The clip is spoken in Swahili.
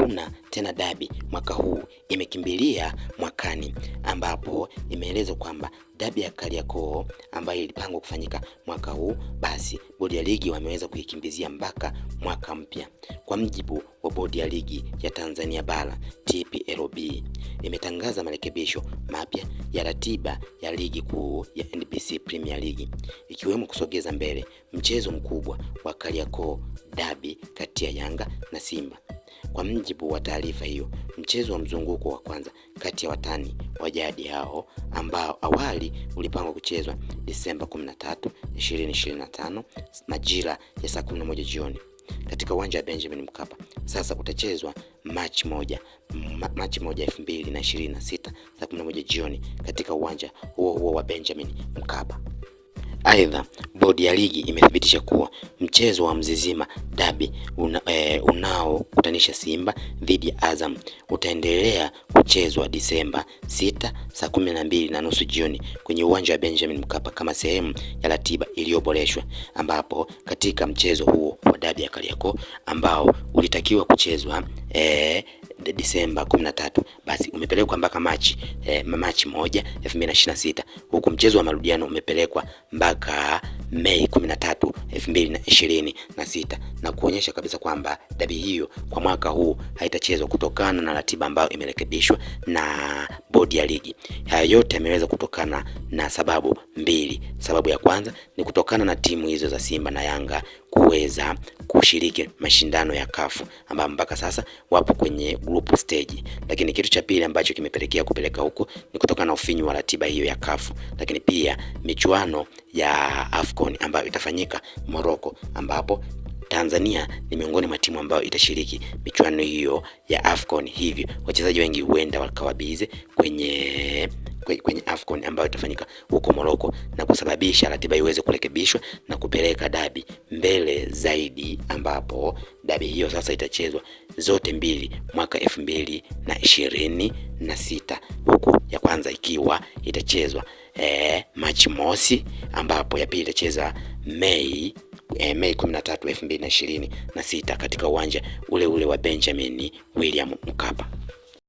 hakuna tena dabi mwaka huu, imekimbilia mwakani, ambapo imeelezwa kwamba dabi ya Kariakoo ambayo ilipangwa kufanyika mwaka huu, basi bodi ya ligi wameweza kuikimbizia mpaka mwaka mpya. Kwa mjibu wa bodi ya ligi ya Tanzania Bara TPLB, imetangaza marekebisho mapya ya ratiba ya ligi kuu ya NBC Premier League, ikiwemo kusogeza mbele mchezo mkubwa wa Kariakoo dabi kati ya Yanga na Simba kwa mjibu wa taarifa hiyo, mchezo wa mzunguko wa kwanza kati ya watani wa jadi hao ambao awali ulipangwa kuchezwa Disemba 13, 2025 majira ya saa 11 jioni katika uwanja wa Benjamin Mkapa sasa utachezwa Machi moja ma Machi moja elfu mbili na ishirini na sita saa kumi na moja jioni katika uwanja huo huo wa Benjamin Mkapa. Aidha, bodi ya ligi imethibitisha kuwa mchezo wa Mzizima Dabi una, e, unaokutanisha Simba dhidi ya Azam utaendelea kuchezwa Disemba 6 saa kumi na mbili na nusu jioni kwenye uwanja wa Benjamin Mkapa kama sehemu ya ratiba iliyoboreshwa, ambapo katika mchezo huo wa dabi ya Kariakoo ambao ulitakiwa kuchezwa e, Disemba 13 basi umepelekwa mpaka Machi eh, Machi 1 2026 huku mchezo wa marudiano umepelekwa mpaka Mei 13 2026 na kuonyesha kabisa kwamba dabi hiyo kwa mwaka huu haitachezwa kutokana na ratiba ambayo imerekebishwa na bodi ya ligi. Haya yote yameweza kutokana na sababu mbili. Sababu ya kwanza ni kutokana na timu hizo za Simba na Yanga kuweza kushiriki mashindano ya kafu ambapo mpaka sasa wapo kwenye group stage. Lakini kitu cha pili ambacho kimepelekea kupeleka huko ni kutokana na ufinyu wa ratiba hiyo ya kafu lakini pia michuano ya AFCON ambayo itafanyika Morocco ambapo Tanzania ni miongoni mwa timu ambayo itashiriki michuano hiyo ya AFCON, hivyo wachezaji wengi huenda wakawa kwenye kwenye AFCON ambayo itafanyika huko Morocco na kusababisha ratiba iweze kurekebishwa na kupeleka dabi mbele zaidi, ambapo dabi hiyo sasa itachezwa zote mbili mwaka elfu mbili na ishirini na sita huku ya kwanza ikiwa itachezwa eh, Machi mosi ambapo ya pili itacheza Mei eh, Mei 13, 2026 katika uwanja ule ule wa Benjamin William Mkapa.